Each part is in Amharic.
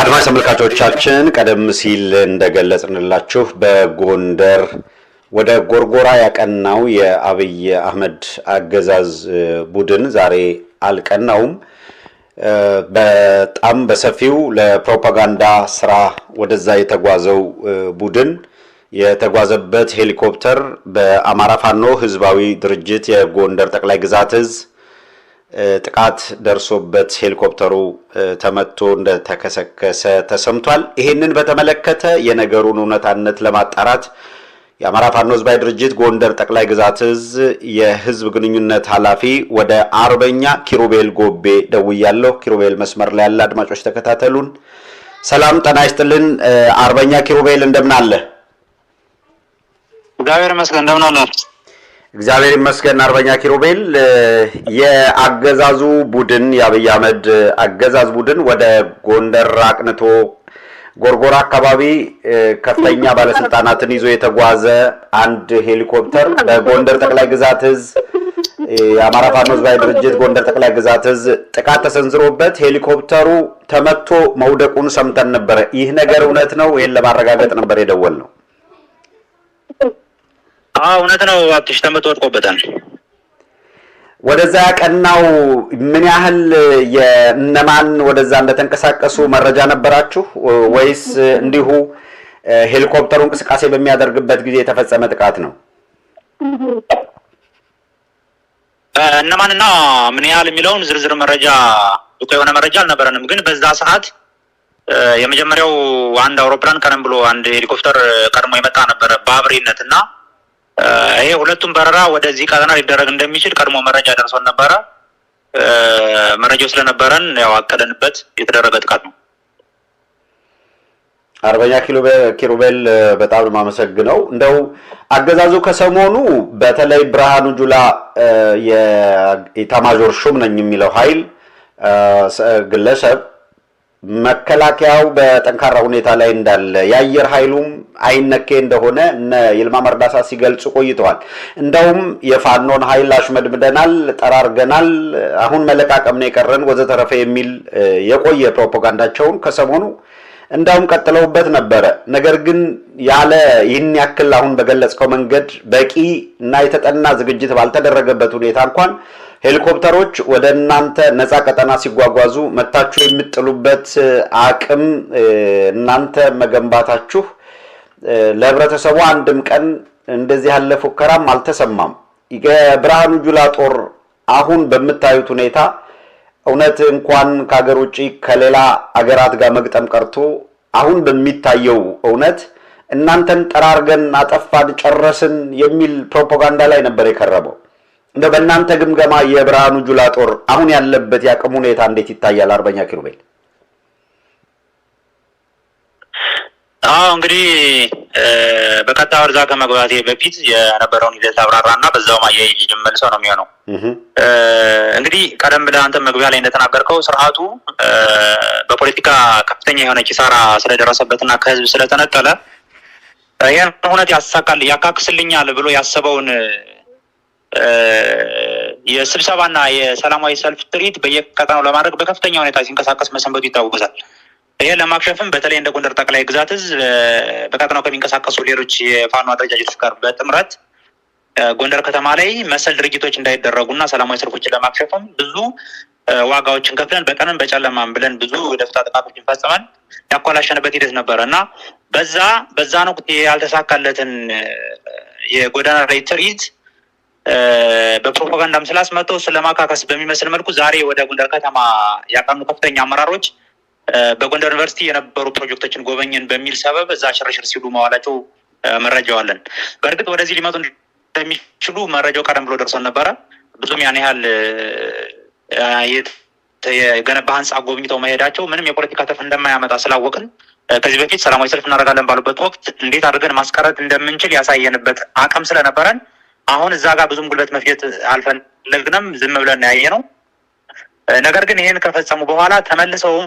አድማጭ ተመልካቾቻችን ቀደም ሲል እንደገለጽንላችሁ በጎንደር ወደ ጎርጎራ ያቀናው የአብይ አህመድ አገዛዝ ቡድን ዛሬ አልቀናውም። በጣም በሰፊው ለፕሮፓጋንዳ ስራ ወደዛ የተጓዘው ቡድን የተጓዘበት ሄሊኮፕተር በአማራ ፋኖ ህዝባዊ ድርጅት የጎንደር ጠቅላይ ግዛት እዝ ጥቃት ደርሶበት ሄሊኮፕተሩ ተመቶ እንደተከሰከሰ ተሰምቷል። ይህንን በተመለከተ የነገሩን እውነታነት ለማጣራት የአማራ ፋኖ ህዝባዊ ድርጅት ጎንደር ጠቅላይ ግዛት እዝ የህዝብ ግንኙነት ኃላፊ ወደ አርበኛ ኪሩቤል ጎቤ ደውያለሁ። ኪሩቤል መስመር ላይ ያለ አድማጮች ተከታተሉን። ሰላም ጠና ይስጥልን አርበኛ ኪሩቤል እንደምን አለ? እግዚአብሔር ይመስገን እንደምን እግዚአብሔር ይመስገን አርበኛ ኪሩቤል። የአገዛዙ ቡድን የአብይ አህመድ አገዛዝ ቡድን ወደ ጎንደር አቅንቶ ጎርጎራ አካባቢ ከፍተኛ ባለስልጣናትን ይዞ የተጓዘ አንድ ሄሊኮፕተር በጎንደር ጠቅላይ ግዛት እዝ የአማራ ፋኖ ህዝባዊ ድርጅት ጎንደር ጠቅላይ ግዛት እዝ ጥቃት ተሰንዝሮበት ሄሊኮፕተሩ ተመቶ መውደቁን ሰምተን ነበረ። ይህ ነገር እውነት ነው? ይህን ለማረጋገጥ ነበር የደወል ነው። እውነት ነው ሀብትሽ፣ ተመቶ ወድቆበታል። ወደዛ ያቀናው ምን ያህል የእነማን ወደዛ እንደተንቀሳቀሱ መረጃ ነበራችሁ ወይስ እንዲሁ ሄሊኮፕተሩ እንቅስቃሴ በሚያደርግበት ጊዜ የተፈጸመ ጥቃት ነው? እነማንና ምን ያህል የሚለውን ዝርዝር መረጃ ብቁ የሆነ መረጃ አልነበረንም። ግን በዛ ሰዓት የመጀመሪያው አንድ አውሮፕላን ቀደም ብሎ አንድ ሄሊኮፕተር ቀድሞ የመጣ ነበረ በአብሬነት እና ይሄ ሁለቱም በረራ ወደዚህ ቀጠና ሊደረግ እንደሚችል ቀድሞ መረጃ ደርሶን ነበረ። መረጃው ስለነበረን ያው አቀለንበት የተደረገ ጥቃት ነው። አርበኛ ኪሩቤል በጣም ነው የማመሰግነው። እንደው አገዛዙ ከሰሞኑ በተለይ ብርሃኑ ጁላ የኢታማዦር ሹም ነኝ የሚለው ኃይል ግለሰብ መከላከያው በጠንካራ ሁኔታ ላይ እንዳለ የአየር ኃይሉም አይነኬ እንደሆነ እነ ይልማ መርዳሳ ሲገልጹ ቆይተዋል። እንደውም የፋኖን ኃይል አሽመድምደናል፣ ጠራርገናል፣ አሁን መለቃቀም ነው የቀረን ወዘተረፈ የሚል የቆየ ፕሮፓጋንዳቸውን ከሰሞኑ እንዳውም ቀጥለውበት ነበረ። ነገር ግን ያለ ይህን ያክል አሁን በገለጽከው መንገድ በቂ እና የተጠና ዝግጅት ባልተደረገበት ሁኔታ እንኳን ሄሊኮፕተሮች ወደ እናንተ ነፃ ቀጠና ሲጓጓዙ መታችሁ የምጥሉበት አቅም እናንተ መገንባታችሁ ለህብረተሰቡ አንድም ቀን እንደዚህ ያለ ፉከራም አልተሰማም። የብርሃኑ ጁላ ጦር አሁን በምታዩት ሁኔታ እውነት እንኳን ከሀገር ውጭ ከሌላ አገራት ጋር መግጠም ቀርቶ አሁን በሚታየው እውነት እናንተን ጠራርገን አጠፋን፣ ጨረስን የሚል ፕሮፓጋንዳ ላይ ነበር የከረመው። እንደ በእናንተ ግምገማ የብርሃኑ ጁላ ጦር አሁን ያለበት የአቅም ሁኔታ እንዴት ይታያል? አርበኛ ኪሩቤል አዎ እንግዲህ በቀጥታ ወርዛ ከመግባቴ በፊት የነበረውን ሂደት አብራራ እና በዛው አያይዤ የምመልሰው ነው የሚሆነው። እንግዲህ ቀደም ብለህ አንተ መግቢያ ላይ እንደተናገርከው ስርዓቱ በፖለቲካ ከፍተኛ የሆነ ኪሳራ ስለደረሰበትና ከህዝብ ስለተነጠለ ይህን ሁነት ያሳካል ያካክስልኛል ብሎ ያሰበውን የስብሰባና የሰላማዊ ሰልፍ ትርኢት በየቀጠናው ለማድረግ በከፍተኛ ሁኔታ ሲንቀሳቀስ መሰንበቱ ይታወሳል። ይሄ ለማክሸፍም በተለይ እንደ ጎንደር ጠቅላይ ግዛት እዝ በቀጠናው ከሚንቀሳቀሱ ሌሎች የፋኖ አደረጃጀቶች ጋር በጥምረት ጎንደር ከተማ ላይ መሰል ድርጊቶች እንዳይደረጉና ሰላማዊ ሰልፎችን ለማክሸፍም ብዙ ዋጋዎችን ከፍለን በቀንም በጨለማም ብለን ብዙ ደፍታ ጥቃቶችን ፈጽመን ያኮላሸንበት ሂደት ነበረ እና በዛ በዛ ነው ያልተሳካለትን የጎዳና ላይ ትርኢት በፕሮፓጋንዳም ስላስመጠው ስለማካከስ በሚመስል መልኩ ዛሬ ወደ ጎንደር ከተማ ያቀኑ ከፍተኛ አመራሮች በጎንደር ዩኒቨርሲቲ የነበሩ ፕሮጀክቶችን ጎበኘን በሚል ሰበብ እዛ ሽርሽር ሲሉ መዋላቸው መረጃዋለን። አለን። በእርግጥ ወደዚህ ሊመጡ እንደሚችሉ መረጃው ቀደም ብሎ ደርሶን ነበረ። ብዙም ያን ያህል የገነባ ህንፃ ጎብኝተው መሄዳቸው ምንም የፖለቲካ ትርፍ እንደማያመጣ ስላወቅን ከዚህ በፊት ሰላማዊ ሰልፍ እናደርጋለን ባሉበት ወቅት እንዴት አድርገን ማስቀረት እንደምንችል ያሳየንበት አቅም ስለነበረን አሁን እዛ ጋር ብዙም ጉልበት መፍጀት አልፈለግንም። ዝም ብለን ያየ ነው። ነገር ግን ይህን ከፈጸሙ በኋላ ተመልሰውም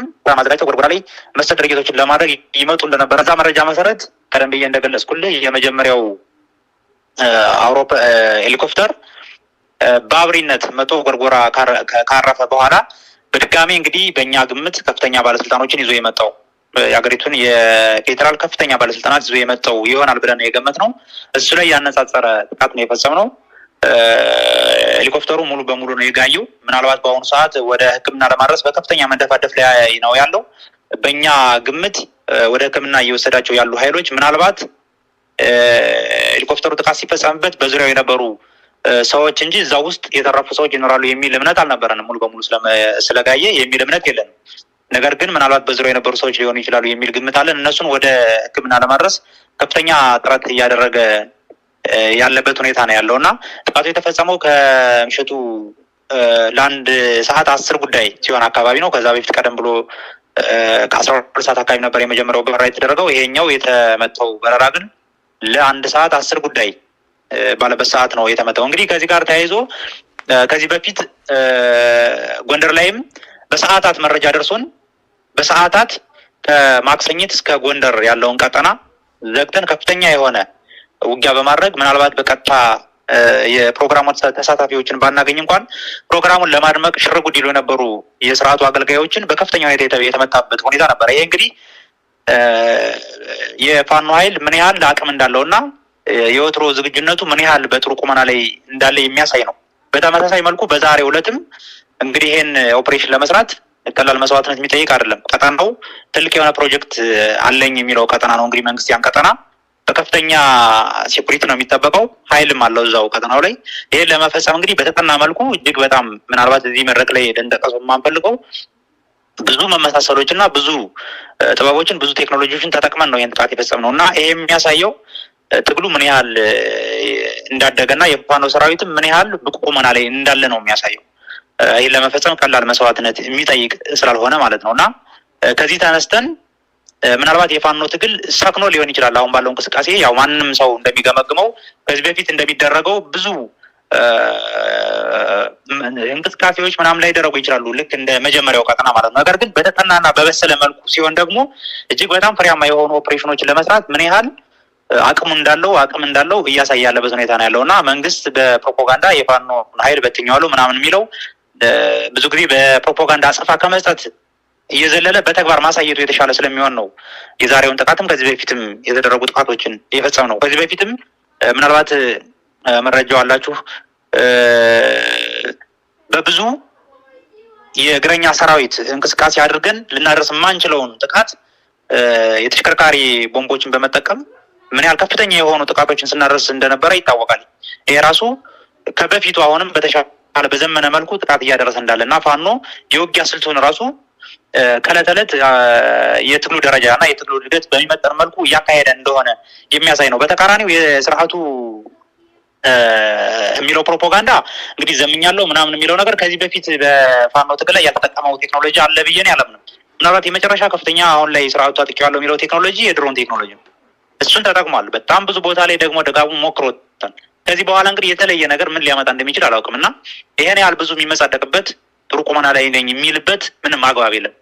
ሪፖርቱን በማዘጋጀት ጎርጎራ ላይ መሰል ድርጊቶችን ለማድረግ ይመጡ እንደነበረ እዛ መረጃ መሰረት ቀደም ብዬ እንደገለጽኩልህ የመጀመሪያው አውሮፓ ሄሊኮፕተር በአብሪነት መቶ ጎርጎራ ካረፈ በኋላ በድጋሚ እንግዲህ በእኛ ግምት ከፍተኛ ባለስልጣኖችን ይዞ የመጣው የሀገሪቱን የፌዴራል ከፍተኛ ባለስልጣናት ይዞ የመጣው ይሆናል ብለን የገመት ነው። እሱ ላይ ያነጻጸረ ጥቃት ነው የፈጸም ነው። ሄሊኮፕተሩ ሙሉ በሙሉ ነው የጋየው። ምናልባት በአሁኑ ሰዓት ወደ ሕክምና ለማድረስ በከፍተኛ መደፋደፍ ላይ ነው ያለው። በእኛ ግምት ወደ ሕክምና እየወሰዳቸው ያሉ ኃይሎች ምናልባት ሄሊኮፕተሩ ጥቃት ሲፈጸምበት በዙሪያው የነበሩ ሰዎች እንጂ እዛ ውስጥ የተረፉ ሰዎች ይኖራሉ የሚል እምነት አልነበረንም። ሙሉ በሙሉ ስለጋየ የሚል እምነት የለንም። ነገር ግን ምናልባት በዙሪያው የነበሩ ሰዎች ሊሆኑ ይችላሉ የሚል ግምት አለን። እነሱን ወደ ሕክምና ለማድረስ ከፍተኛ ጥረት እያደረገ ያለበት ሁኔታ ነው ያለው እና ጥቃቱ የተፈጸመው ከምሽቱ ለአንድ ሰዓት አስር ጉዳይ ሲሆን አካባቢ ነው። ከዛ በፊት ቀደም ብሎ ከአስራ ሁለት ሰዓት አካባቢ ነበር የመጀመሪያው በረራ የተደረገው። ይሄኛው የተመተው በረራ ግን ለአንድ ሰዓት አስር ጉዳይ ባለበት ሰዓት ነው የተመተው። እንግዲህ ከዚህ ጋር ተያይዞ ከዚህ በፊት ጎንደር ላይም በሰዓታት መረጃ ደርሶን በሰዓታት ከማክሰኝት እስከ ጎንደር ያለውን ቀጠና ዘግተን ከፍተኛ የሆነ ውጊያ በማድረግ ምናልባት በቀጥታ የፕሮግራሙ ተሳታፊዎችን ባናገኝ እንኳን ፕሮግራሙን ለማድመቅ ሽርጉድ ይሉ የነበሩ የስርዓቱ አገልጋዮችን በከፍተኛ ሁኔታ የተመታበት ሁኔታ ነበረ። ይህ እንግዲህ የፋኖ ኃይል ምን ያህል አቅም እንዳለው እና የወትሮ ዝግጁነቱ ምን ያህል በጥሩ ቁመና ላይ እንዳለ የሚያሳይ ነው። በተመሳሳይ መልኩ በዛሬው ዕለትም እንግዲህ ይህን ኦፕሬሽን ለመስራት ቀላል መስዋዕትነት የሚጠይቅ አይደለም። ቀጠናው ትልቅ የሆነ ፕሮጀክት አለኝ የሚለው ቀጠና ነው። እንግዲህ መንግስት ያን ቀጠና በከፍተኛ ሴኩሪቲ ነው የሚጠበቀው። ኃይልም አለው እዛው ከተናው ላይ። ይህን ለመፈጸም እንግዲህ በተጠና መልኩ እጅግ በጣም ምናልባት እዚህ መድረክ ላይ ልንጠቀሰው የማንፈልገው ብዙ መመሳሰሎች እና ብዙ ጥበቦችን ብዙ ቴክኖሎጂዎችን ተጠቅመን ነው ይህን ጥቃት ነው እና ይሄ የሚያሳየው ትግሉ ምን ያህል እንዳደገና የፋኖ ሰራዊትም ምን ያህል ብቁ ቁመና ላይ እንዳለ ነው የሚያሳየው። ይህን ለመፈጸም ቀላል መስዋዕትነት የሚጠይቅ ስላልሆነ ማለት ነው እና ከዚህ ተነስተን ምናልባት የፋኖ ትግል ሰክኖ ሊሆን ይችላል። አሁን ባለው እንቅስቃሴ ያው ማንም ሰው እንደሚገመግመው ከዚህ በፊት እንደሚደረገው ብዙ እንቅስቃሴዎች ምናምን ላይ ደረጉ ይችላሉ፣ ልክ እንደ መጀመሪያው ቀጠና ማለት ነው። ነገር ግን በተጠናና በበሰለ መልኩ ሲሆን ደግሞ እጅግ በጣም ፍሬያማ የሆኑ ኦፕሬሽኖችን ለመስራት ምን ያህል አቅሙ እንዳለው አቅም እንዳለው እያሳየ ያለበት ሁኔታ ነው ያለው እና መንግስት በፕሮፓጋንዳ የፋኖ ሀይል በትኛዋሉ ምናምን የሚለው ብዙ ጊዜ በፕሮፓጋንዳ አጸፋ ከመስጠት እየዘለለ በተግባር ማሳየቱ የተሻለ ስለሚሆን ነው። የዛሬውን ጥቃትም ከዚህ በፊትም የተደረጉ ጥቃቶችን የፈጸም ነው። ከዚህ በፊትም ምናልባት መረጃው አላችሁ በብዙ የእግረኛ ሰራዊት እንቅስቃሴ አድርገን ልናደርስ የማንችለውን ጥቃት የተሽከርካሪ ቦምቦችን በመጠቀም ምን ያህል ከፍተኛ የሆኑ ጥቃቶችን ስናደርስ እንደነበረ ይታወቃል። ይሄ ራሱ ከበፊቱ አሁንም በተሻለ በዘመነ መልኩ ጥቃት እያደረሰ እንዳለ እና ፋኖ የውጊያ ስልቱን ራሱ ከእለት ዕለት የትግሉ ደረጃ እና የትግሉ እድገት በሚመጠን መልኩ እያካሄደ እንደሆነ የሚያሳይ ነው። በተቃራኒው የስርዓቱ የሚለው ፕሮፓጋንዳ እንግዲህ ዘምኛለው ምናምን የሚለው ነገር ከዚህ በፊት በፋኖ ትግል ላይ ያልተጠቀመው ቴክኖሎጂ አለ ብዬ ነው ያለምንም። ምናልባት የመጨረሻ ከፍተኛ አሁን ላይ ስርዓቱ ታጥቄዋለሁ የሚለው ቴክኖሎጂ የድሮን ቴክኖሎጂ ነው። እሱን ተጠቅሟል። በጣም ብዙ ቦታ ላይ ደግሞ ደጋቡ ሞክሮታል። ከዚህ በኋላ እንግዲህ የተለየ ነገር ምን ሊያመጣ እንደሚችል አላውቅም እና ይሄን ያህል ብዙ የሚመጻደቅበት ጥሩ ቁመና ላይ ነኝ የሚልበት ምንም አግባብ የለም።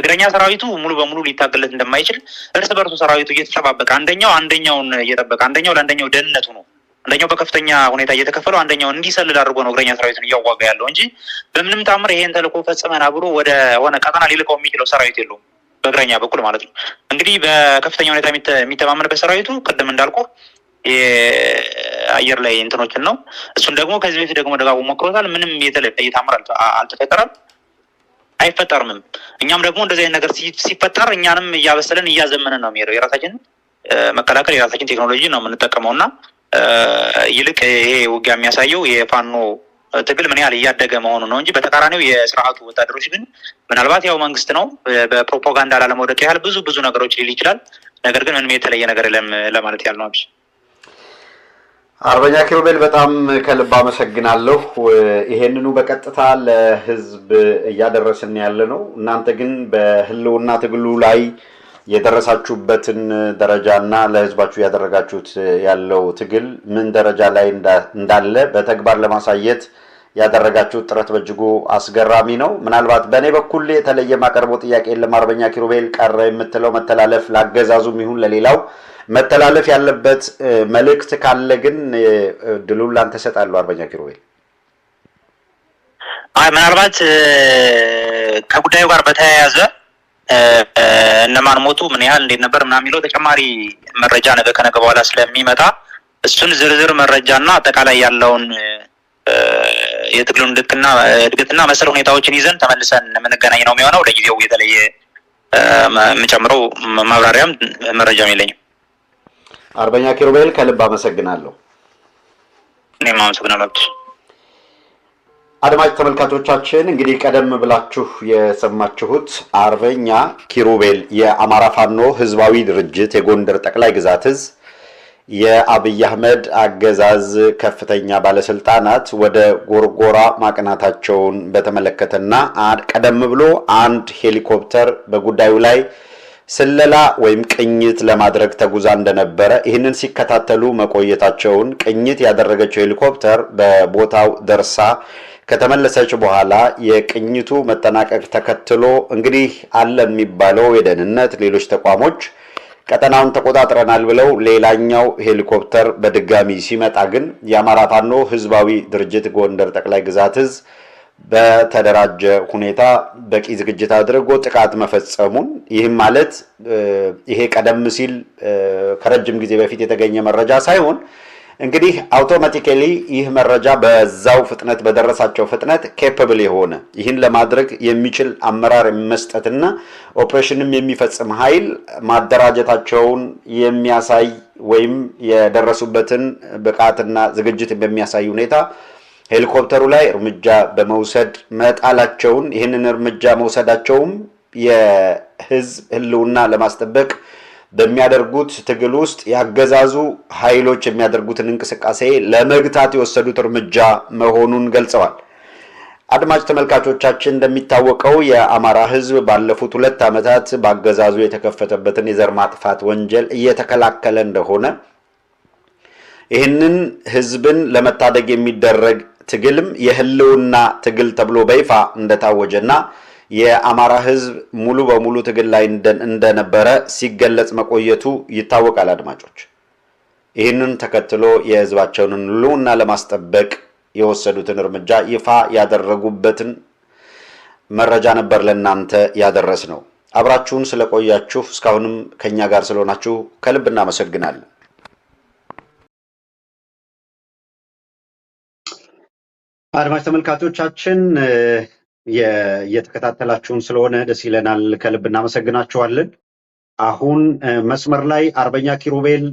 እግረኛ ሰራዊቱ ሙሉ በሙሉ ሊታገለት እንደማይችል እርስ በርሱ ሰራዊቱ እየተጠባበቀ አንደኛው አንደኛውን እየጠበቀ አንደኛው ለአንደኛው ደህንነቱ ነው። አንደኛው በከፍተኛ ሁኔታ እየተከፈለው አንደኛውን እንዲሰልል አድርጎ ነው እግረኛ ሰራዊቱን እያዋጋ ያለው እንጂ በምንም ታምር ይሄን ተልኮ ፈጽመን አብሮ ወደ ሆነ ቀጠና ሊልቀው የሚችለው ሰራዊት የለውም። በእግረኛ በኩል ማለት ነው። እንግዲህ በከፍተኛ ሁኔታ የሚተማመንበት ሰራዊቱ ቅድም እንዳልኩ የአየር ላይ እንትኖችን ነው። እሱን ደግሞ ከዚህ በፊት ደግሞ ደጋግሞ ሞክሮታል። ምንም የተለየ ታምር አልተፈጠረም፣ አይፈጠርምም። እኛም ደግሞ እንደዚህ አይነት ነገር ሲፈጠር እኛንም እያበሰለን እያዘመንን ነው የሚሄደው። የራሳችን መከላከል የራሳችን ቴክኖሎጂ ነው የምንጠቀመው እና ይልቅ ይሄ ውጊያ የሚያሳየው የፋኖ ትግል ምን ያህል እያደገ መሆኑ ነው እንጂ በተቃራኒው የስርዓቱ ወታደሮች ግን ምናልባት ያው መንግስት ነው በፕሮፓጋንዳ ላለመውደቅ ያህል ብዙ ብዙ ነገሮች ሊል ይችላል። ነገር ግን ምንም የተለየ ነገር የለም ለማለት ያህል ነው። አርበኛ ኪሩቤል በጣም ከልብ አመሰግናለሁ። ይሄንኑ በቀጥታ ለህዝብ እያደረስን ያለ ነው። እናንተ ግን በህልውና ትግሉ ላይ የደረሳችሁበትን ደረጃ እና ለህዝባችሁ እያደረጋችሁት ያለው ትግል ምን ደረጃ ላይ እንዳለ በተግባር ለማሳየት ያደረጋችሁት ጥረት በእጅጉ አስገራሚ ነው። ምናልባት በእኔ በኩል የተለየ ማቀርበው ጥያቄ የለም። አርበኛ ኪሩቤል ቀረ የምትለው መተላለፍ ላገዛዙም ይሁን ለሌላው መተላለፍ ያለበት መልእክት ካለ ግን ድሉን ላንተ አርበኛ ኪሩቤል አይ ምናልባት ከጉዳዩ ጋር በተያያዘ እነማን ሞቱ፣ ምን ያህል፣ እንዴት ነበር ምና የሚለው ተጨማሪ መረጃ ነገ ከነገ በኋላ ስለሚመጣ እሱን ዝርዝር መረጃ እና አጠቃላይ ያለውን የትግሉን ልክና እድገትና መሰል ሁኔታዎችን ይዘን ተመልሰን የምንገናኝ ነው የሚሆነው። ለጊዜው የተለየ የምጨምረው ማብራሪያም መረጃም የለኝም። አርበኛ ኪሩቤል ከልብ አመሰግናለሁ። እኔም አመሰግናለሁ። አድማጭ ተመልካቾቻችን እንግዲህ ቀደም ብላችሁ የሰማችሁት አርበኛ ኪሩቤል የአማራ ፋኖ ህዝባዊ ድርጅት የጎንደር ጠቅላይ ግዛት እዝ የአብይ አህመድ አገዛዝ ከፍተኛ ባለስልጣናት ወደ ጎርጎራ ማቅናታቸውን በተመለከተና ቀደም ብሎ አንድ ሄሊኮፕተር በጉዳዩ ላይ ስለላ ወይም ቅኝት ለማድረግ ተጉዛ እንደነበረ ይህንን ሲከታተሉ መቆየታቸውን ቅኝት ያደረገችው ሄሊኮፕተር በቦታው ደርሳ ከተመለሰች በኋላ የቅኝቱ መጠናቀቅ ተከትሎ እንግዲህ አለ የሚባለው የደህንነት ሌሎች ተቋሞች ቀጠናውን ተቆጣጥረናል ብለው ሌላኛው ሄሊኮፕተር በድጋሚ ሲመጣ ግን የአማራ ፋኖ ህዝባዊ ድርጅት ጎንደር ጠቅላይ ግዛት እዝ በተደራጀ ሁኔታ በቂ ዝግጅት አድርጎ ጥቃት መፈጸሙን ይህም ማለት ይሄ ቀደም ሲል ከረጅም ጊዜ በፊት የተገኘ መረጃ ሳይሆን እንግዲህ አውቶማቲካሊ ይህ መረጃ በዛው ፍጥነት በደረሳቸው ፍጥነት ኬፐብል የሆነ ይህን ለማድረግ የሚችል አመራር መስጠትና ኦፕሬሽንም የሚፈጽም ኃይል ማደራጀታቸውን የሚያሳይ ወይም የደረሱበትን ብቃትና ዝግጅት በሚያሳይ ሁኔታ ሄሊኮፕተሩ ላይ እርምጃ በመውሰድ መጣላቸውን ይህንን እርምጃ መውሰዳቸውም የህዝብ ህልውና ለማስጠበቅ በሚያደርጉት ትግል ውስጥ ያገዛዙ ኃይሎች የሚያደርጉትን እንቅስቃሴ ለመግታት የወሰዱት እርምጃ መሆኑን ገልጸዋል። አድማጭ ተመልካቾቻችን እንደሚታወቀው የአማራ ሕዝብ ባለፉት ሁለት ዓመታት በአገዛዙ የተከፈተበትን የዘር ማጥፋት ወንጀል እየተከላከለ እንደሆነ ይህንን ሕዝብን ለመታደግ የሚደረግ ትግልም የህልውና ትግል ተብሎ በይፋ እንደታወጀና የአማራ ህዝብ ሙሉ በሙሉ ትግል ላይ እንደነበረ ሲገለጽ መቆየቱ ይታወቃል። አድማጮች ይህንን ተከትሎ የህዝባቸውን ህልውና ለማስጠበቅ የወሰዱትን እርምጃ ይፋ ያደረጉበትን መረጃ ነበር ለእናንተ ያደረስ ነው። አብራችሁን ስለቆያችሁ እስካሁንም ከእኛ ጋር ስለሆናችሁ ከልብ እናመሰግናለን። አድማጭ ተመልካቾቻችን እየተከታተላችሁን ስለሆነ ደስ ይለናል። ከልብ እናመሰግናችኋለን። አሁን መስመር ላይ አርበኛ ኪሩቤል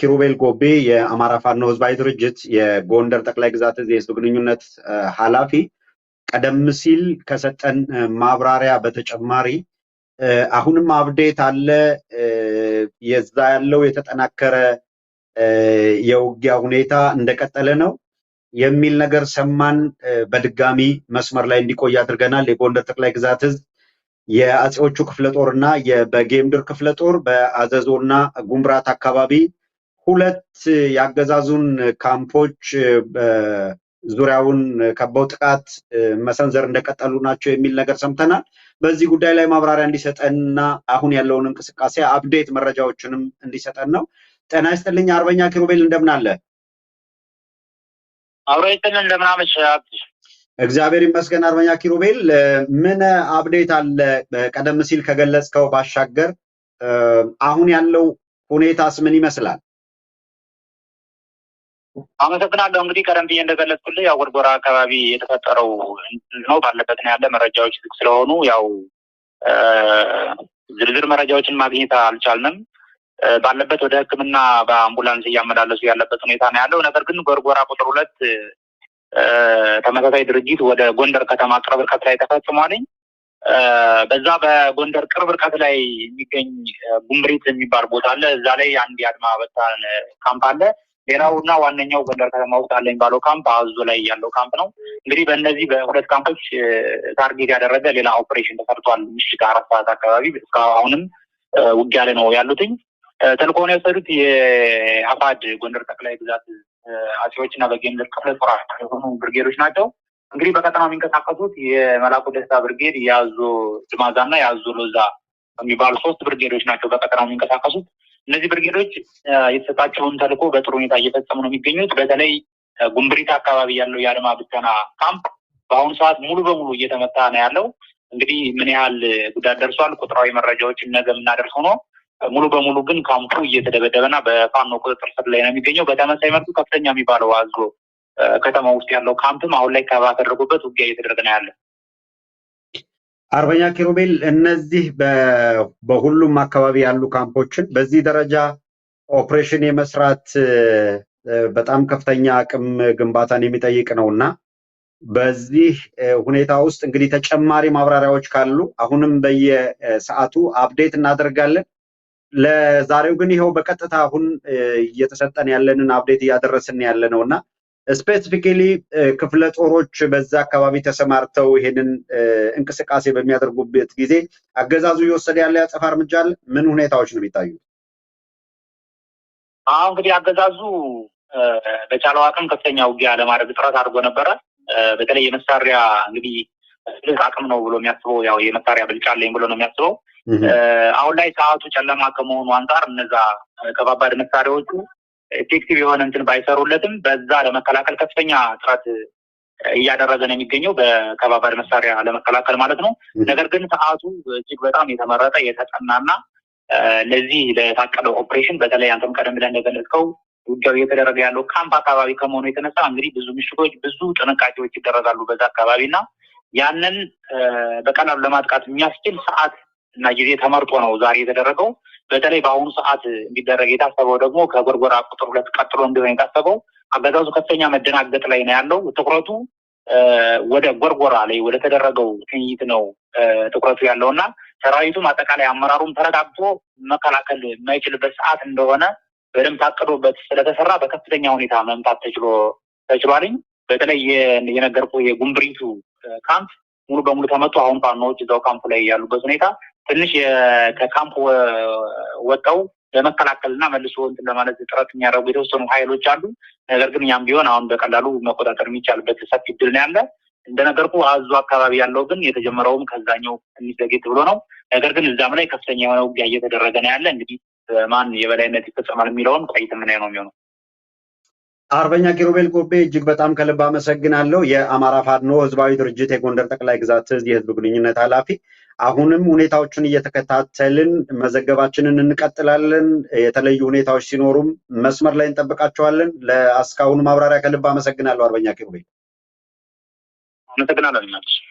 ኪሩቤል ጎቤ የአማራ ፋኖ ህዝባዊ ድርጅት የጎንደር ጠቅላይ ግዛት እዝ የህዝብ ግንኙነት ኃላፊ ቀደም ሲል ከሰጠን ማብራሪያ በተጨማሪ አሁንም አብዴት አለ። የዛ ያለው የተጠናከረ የውጊያ ሁኔታ እንደቀጠለ ነው። የሚል ነገር ሰማን። በድጋሚ መስመር ላይ እንዲቆይ አድርገናል። የጎንደር ጠቅላይ ግዛት ህዝብ የአጼዎቹ ክፍለ ጦር እና በጌምድር ክፍለ ጦር በአዘዞ እና ጉምራት አካባቢ ሁለት የአገዛዙን ካምፖች ዙሪያውን ከበው ጥቃት መሰንዘር እንደቀጠሉ ናቸው የሚል ነገር ሰምተናል። በዚህ ጉዳይ ላይ ማብራሪያ እንዲሰጠንና አሁን ያለውን እንቅስቃሴ አፕዴት መረጃዎችንም እንዲሰጠን ነው። ጤና ይስጥልኝ አርበኛ ኪሩቤል እንደምን አለ? አብሮ ይጥልን እንደምናመሽ እግዚአብሔር ይመስገን። አርበኛ ኪሩቤል ምን አብዴት አለ? ቀደም ሲል ከገለጽከው ባሻገር አሁን ያለው ሁኔታስ ምን ይመስላል? አመሰግናለሁ። እንግዲህ ቀደም ብዬ እንደገለጽኩልህ ያው ጎርጎራ አካባቢ የተፈጠረው ነው ባለበት ነው ያለ። መረጃዎች ዝግ ስለሆኑ ያው ዝርዝር መረጃዎችን ማግኘት አልቻልንም። ባለበት ወደ ህክምና በአምቡላንስ እያመላለሱ ያለበት ሁኔታ ነው ያለው። ነገር ግን ጎርጎራ ቁጥር ሁለት ተመሳሳይ ድርጅት ወደ ጎንደር ከተማ ቅርብ ርቀት ላይ ተፈጽሟልኝ። በዛ በጎንደር ቅርብ ርቀት ላይ የሚገኝ ጉምሪት የሚባል ቦታ አለ። እዛ ላይ አንድ የአድማ በታን ካምፕ አለ። ሌላው እና ዋነኛው ጎንደር ከተማ ውስጥ አለ የሚባለው ካምፕ አዞ ላይ ያለው ካምፕ ነው። እንግዲህ በእነዚህ በሁለት ካምፖች ታርጌት ያደረገ ሌላ ኦፕሬሽን ተሰርቷል። ምሽት አራት ሰዓት አካባቢ እስከ ውጊያ ላይ ነው ያሉትኝ ተልእኮውን የወሰዱት የአፋድ ጎንደር ጠቅላይ ግዛት አሴዎች እና በጌምድር ክፍለ ጦር የሆኑ ብርጌዶች ናቸው። እንግዲህ በቀጠናው የሚንቀሳቀሱት የመላኩ ደስታ ብርጌድ፣ የአዞ ድማዛ እና የአዞ ሎዛ የሚባሉ ሶስት ብርጌዶች ናቸው በቀጠናው የሚንቀሳቀሱት። እነዚህ ብርጌዶች የተሰጣቸውን ተልኮ በጥሩ ሁኔታ እየፈጸሙ ነው የሚገኙት። በተለይ ጉምብሪት አካባቢ ያለው የአድማ ብተና ካምፕ በአሁኑ ሰዓት ሙሉ በሙሉ እየተመታ ነው ያለው። እንግዲህ ምን ያህል ጉዳት ደርሷል ቁጥራዊ መረጃዎችን ነገ የምናደርስ ሆኖ ሙሉ በሙሉ ግን ካምፑ እየተደበደበና በፋኖ ቁጥጥር ስር ላይ ነው የሚገኘው። በተመሳይ መልኩ ከፍተኛ የሚባለው አዞ ከተማ ውስጥ ያለው ካምፕም አሁን ላይ ከባደረጉበት ውጊያ እየተደረገ ነው ያለ። አርበኛ ኪሩቤል፣ እነዚህ በሁሉም አካባቢ ያሉ ካምፖችን በዚህ ደረጃ ኦፕሬሽን የመስራት በጣም ከፍተኛ አቅም ግንባታን የሚጠይቅ ነው እና በዚህ ሁኔታ ውስጥ እንግዲህ ተጨማሪ ማብራሪያዎች ካሉ አሁንም በየሰዓቱ አፕዴት እናደርጋለን። ለዛሬው ግን ይኸው በቀጥታ አሁን እየተሰጠን ያለንን አብዴት እያደረስን ያለ ነው እና ስፔሲፊካሊ ክፍለ ጦሮች በዛ አካባቢ ተሰማርተው ይሄንን እንቅስቃሴ በሚያደርጉበት ጊዜ አገዛዙ እየወሰደ ያለ ያጸፋ እርምጃ አለ? ምን ሁኔታዎች ነው የሚታዩት? አሁ እንግዲህ አገዛዙ በቻለው አቅም ከፍተኛ ውጊያ ለማድረግ ጥረት አድርጎ ነበረ። በተለይ የመሳሪያ እንግዲህ አቅም ነው ብሎ የሚያስበው ያው የመሳሪያ ብልጫ አለኝ ብሎ ነው የሚያስበው አሁን ላይ ሰዓቱ ጨለማ ከመሆኑ አንጻር እነዛ ከባባድ መሳሪያዎቹ ኤፌክቲቭ የሆነ እንትን ባይሰሩለትም በዛ ለመከላከል ከፍተኛ ጥረት እያደረገ ነው የሚገኘው በከባባድ መሳሪያ ለመከላከል ማለት ነው። ነገር ግን ሰዓቱ እጅግ በጣም የተመረጠ የተጠናና ለዚህ ለታቀደው ኦፕሬሽን በተለይ አንተም ቀደም ብለህ እንደገለጽከው ውጊያው እየተደረገ ያለው ካምፕ አካባቢ ከመሆኑ የተነሳ እንግዲህ ብዙ ምሽቶች ብዙ ጥንቃቄዎች ይደረጋሉ በዛ አካባቢ እና ያንን በቀላሉ ለማጥቃት የሚያስችል ሰዓት እና ጊዜ ተመርጦ ነው ዛሬ የተደረገው። በተለይ በአሁኑ ሰዓት እንዲደረግ የታሰበው ደግሞ ከጎርጎራ ቁጥር ሁለት ቀጥሎ እንዲሆን የታሰበው አገዛዙ ከፍተኛ መደናገጥ ላይ ነው ያለው። ትኩረቱ ወደ ጎርጎራ ላይ ወደ ተደረገው ትዕይንት ነው ትኩረቱ ያለው እና ሰራዊቱም አጠቃላይ አመራሩም ተረጋግቶ መከላከል የማይችልበት ሰዓት እንደሆነ በደንብ ታቅዶበት ስለተሰራ በከፍተኛ ሁኔታ መምታት ተችሎ ተችሏልኝ። በተለይ የነገርኩ የጉምብሪቱ ካምፕ ሙሉ በሙሉ ተመቶ አሁን ፋኖዎች እዛው ካምፕ ላይ ያሉበት ሁኔታ ትንሽ ከካምፕ ወጣው ለመከላከልና መልሶ እንትን ለማለት ጥረት የሚያደርጉ የተወሰኑ ሀይሎች አሉ። ነገር ግን እኛም ቢሆን አሁን በቀላሉ መቆጣጠር የሚቻልበት ሰፊ እድል ነው ያለ። እንደነገርኩ አዙ አካባቢ ያለው ግን የተጀመረውም ከዛኛው የሚዘጌት ብሎ ነው። ነገር ግን እዛም ላይ ከፍተኛ የሆነ ውጊያ እየተደረገ ነው ያለ። እንግዲህ ማን የበላይነት ይፈጸማል የሚለውን ቆይት የምናየው ነው የሚሆነው። አርበኛ ኪሩቤል ጎቤ እጅግ በጣም ከልብ አመሰግናለሁ። የአማራ ፋኖ ህዝባዊ ድርጅት የጎንደር ጠቅላይ ግዛት ህዝብ የህዝብ ግንኙነት ኃላፊ አሁንም ሁኔታዎቹን እየተከታተልን መዘገባችንን እንቀጥላለን። የተለዩ ሁኔታዎች ሲኖሩም መስመር ላይ እንጠብቃቸዋለን። ለእስካሁኑ ማብራሪያ ከልብ አመሰግናለሁ አርበኛ ኪሩቤል። አመሰግናለሁ።